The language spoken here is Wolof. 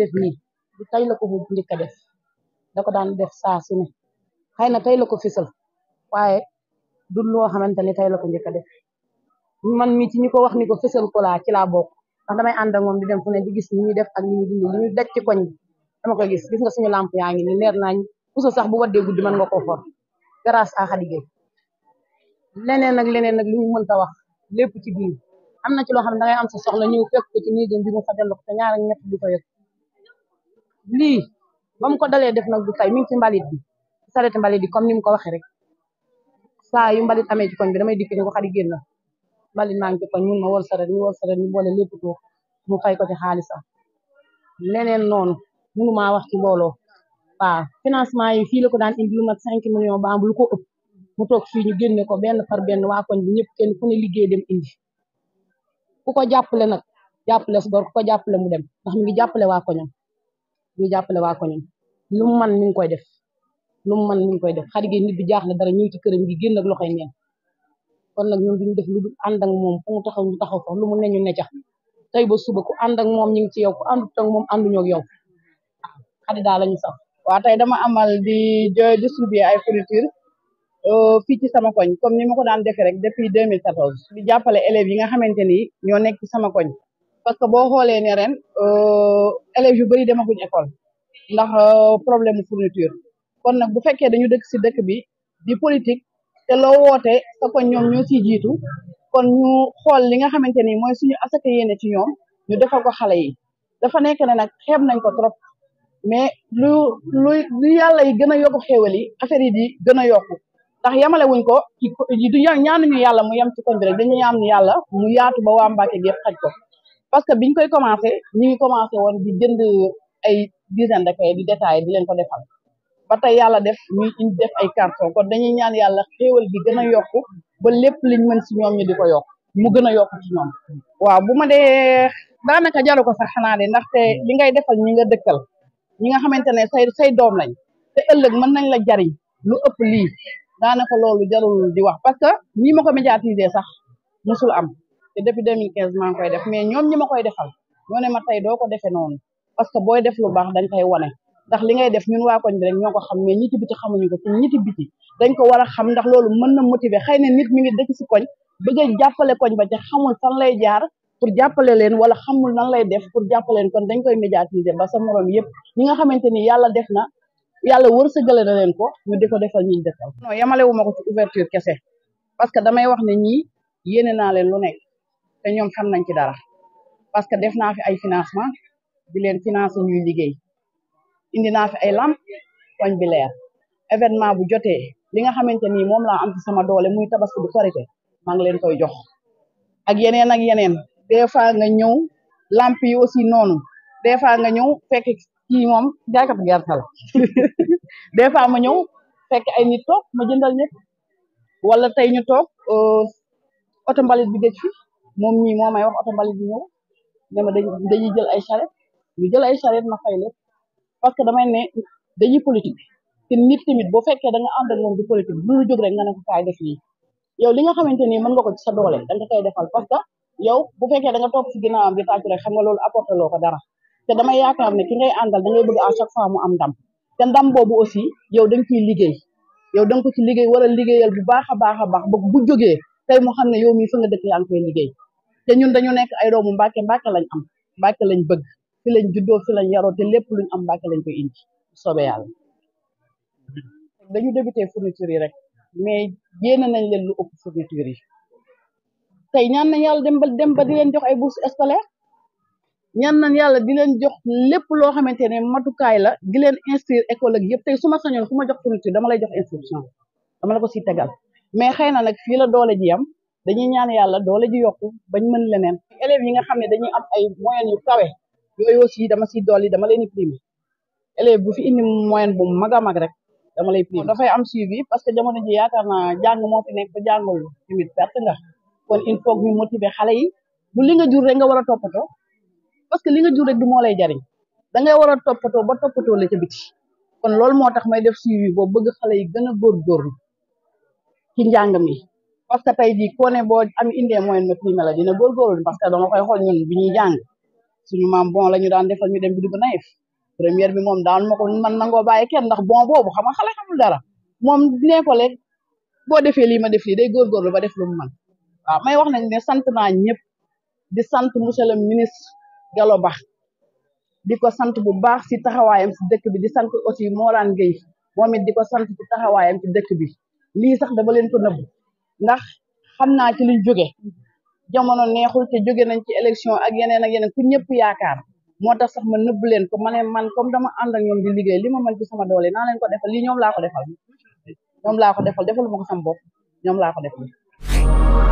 def nii du tey la ko bu njëkk a def da dan daan def saa su ne na tey la ko fisal waaye du loo xamante ni tey la ko njëkk a def man mii ci ko wax ni ko fisal ko laa ci laa bokk ndax damay ànd ak moom di dem fu ne di gis ni ñu def ak ni ñu dindi li ñu daj ci koñ dama koy gis gis nga suñu lamp yaa ni leer nañ puso sax bu waddee guddi mën nga koo for grâce à Khady Gueye leneen li ñu mënta wax lépp ci biir am na ci loo xam ne dangay am sa soxla ñëw fekk ko ci nii jëm bi mu fa lii ma mu ko dalee def nag du tey mi mbalit bi sareeti mbalit bi comme ni mu ko waxee rek saa yu mbalit amee ci koñ bi damay dikk ni ko xari génn mbalit maa ngi ci koñ mun ma wol sareet ñu wol sareet ñu boole lépp mu fay ko ci xaalisam leneen noonu mënu maa wax ci mbooloo waaw financement yi fii ko daan indi lu mat cinq millions ba am lu ko ëpp mu toog fii ñu ko benn par benn wa koñ bi ñëpp kenn ku ne liggéey dem indi ku ko jàppale nag jàppale su gor ku ko jàppale mu dem ndax mi ngi jàppale waa koñam ñu jàppale waa koñam lu mu man mi ngi koy def lu mu man ngi koy def xarit gi nit bi jaaxle dara ñëw ci këram gi génn ak loxoy neen kon nag ñun duñu def lu dul ànd ak moom fu mu taxaw ñu taxaw fa lu mu ne ne ca tey ba suba ku ànd ak moom ñu ngi ci yow ku àndut ak moom ànduñoo yow xarit daal lañu sax waa tey dama amal di distribuer ay fourniture euh, fii ci sama koñ comme ni ma ko daan defee rek depuis 2014 di jàppale élèves yi nga xamante ni ñoo nekk ci sama koñ parce que boo xoolee ne ren euh, élèves yu bëri demaguñ école ndax euh, problème fourniture kon nag bu fekkee dañu dëkk si dëkk bi di politique te loo woote sa koñ ñoom ñoo siy jiitu kon ñu xool li nga xamante ni mooy suñu asaka yéene ci ñoom ñu defal ko xale yi dafa nekk ne nag xeeb nañ ko trop mais lu lu lu yàlla yi gën a yokk xéewal yi affaire yi di gën a yokku ndax yamale wuñ ko ci du ñaanuñu yàlla mu yem ci dañu ñaan yàlla mu yaatu ba waa Mbàkke gépp xaj ko parce que biñ koy commencé ñu commencé woon di jënd ay dizaine de kay di détaillé di leen ko defal ba tey yàlla def ñuy indi def ay carton kon dañuy ñaan yàlla xéewal gi gën a yokku ba lépp liñ mën si ñoom ñu di ko yokk mu gën a yokku ci ñoom waaw bu ma dee daanaka jaru ko sax xanaa de ndaxte li ngay defal ñi nga dëkkal ñi nga xamante ne say say doom lañ te ëllëg mën nañ la jariñ lu ëpp lii daanaka loolu jarul di wax parce que nii ma ko médiatiser sax musul am te depuis 2015 maa ngi koy def mais ñoom ñi ma koy defal ñoo ne ma tey doo ko defee noonu parce que booy def lu baax dañ koy wane ndax li ngay def ñun wa koñ bi rek ñoo ko xam mais ñi ci biti xamuñu ko te ñi ci biti dañ ko war a xam ndax loolu mën na motiver xëy ne nit mi ngi dëkk si koñ bëgg a jàppale koñ ba te xamul fan lay jaar pour jàppale leen wala xamul nan lay def pour jàppale leen kon dañ koy médiatiser ba sa morom yëpp ñi nga xamante ni yàlla def na yàlla wërsëgale na leen ko ñu di ko defal ñi dëkkal non yamalewu ma ko ci ouverture kese parce que damay wax ne ñii yéene naa leen lu nekk te ñoom xam nañ ci dara parce que def naa fi ay financement di finance financé ñuy liggéey indi naa fi ay lamp koñ bi leer événement bu jotee li nga xamante ni moom laa am sama doole muy tabaski du korite maa ngi leen koy jox ak yeneen ak yeneen des fois nga ñëw lamp yi aussi noonu des fois nga ñëw fekk kii moom jaaykatu gerte la des fois ma ay nit toog ma jëndal ñëpp wala tey ñu toog euh, oto mbalit bi géej fi moom mii moo may wax oto mbalit bi ñëw ne ma dañuy jël ay charrette ñu jël ay charrette ma fay lépp parce que damay ne dañuy politique te nit tamit boo fekkee da nga ànd ak moom di politique bu lu jóg rek nga ne ko def lii yow li nga xamante ni mën nga ko ci sa doole da nga koy defal parce que yow bu feke da nga topp si ginnaawam di tàcc rek xam nga loolu apporté loo ko dara te damay yaakaar ne ki ngay àndal da ngay bëgg à chaque fois mu am ndam te ndam boobu aussi yow da nga ciy liggéey yow da nga ko ci liggéey war a liggéeyal bu baax a baax a baax ba bu jógee tey mu xam ne yow mii fa nga dëkk yaa ngi koy liggéey te ñun dañu nekk ay doomu Mbàkke Mbàkke lañ am Mbàkke lañ bëgg fi lañ juddoo fi lañ yaroo te lépp ñu am Mbàkke lañ koy indi soobee yàlla dañu débuté fourniture yi rek mais yéene nañ leen lu ëpp fourniture yi tey ñaan nañ yàlla dem ba dem ba di leen jox ay bourse scolaire ñaan nañ yàlla di leen jox lépp loo xamante ne matukaay la gi leen inscrire école ak yëpp tey su ma sañoon ku ma jox fourniture dama lay jox instruction dama la ko si tegal mais xëy na nag fii la doole ji yam dañuy ñaan yàlla doole ji yokku bañ mën leneen élèves yi nga xam ne dañuy am ay moyen yu kawe yooyu aussi dama si dool yi dama leen di primer élève bu fi indi moyen bu mag a mag rek dama lay primer dafay am suivi parce que jamono ji yaakaar na jàng moo fi nekk ba jàngul tamit perte nga kon il faut ñu motiver xale yi bu li nga jur rek nga war a toppatoo parce que li nga jur rek du moo lay jariñ da ngay war a toppatoo ba toppatoo la ca biti kon loolu moo tax may def suivi boobu bëgg xale yi gën a góorgóorlu ci njàng mi parce que tey jii koo boo am indee moyenne ma primé la dina góorgóorlu parce que dama koy xool ñun bi ñuy jàng suñu maam bon la ñu daan defal ñu dem bi dugg naif première bi moom daan ma ko man nangoo bàyyi kenn ndax bon boobu xam nga xale xamul dara moom nee ko rek boo defee lii ma def lii day góorgóorlu ba def lu mu man waaw may wax nañ ne sant naa ñëpp di sant monsieur le ministre Gallo Ba di ko sant bu baax si taxawaayam si dëkk bi di sant aussi Morane Gueye moom it di ko sant si taxawaayam dëkk bi lii sax dama leen ko nëbb ndax xam naa ci luñ jóge jamono neexul te jóge nañ ci élection ak yeneen ak yeneen ku ñëpp yaakaar moo tax sax ma nëbb leen ko ma ne man comme dama ànd ak ñoom di liggéey li ma mën ci sama doole naa leen ko defal lii ñoom laa ko defal ñoom laa ko defal defalu ma ko sama bopp ñoom laa ko defal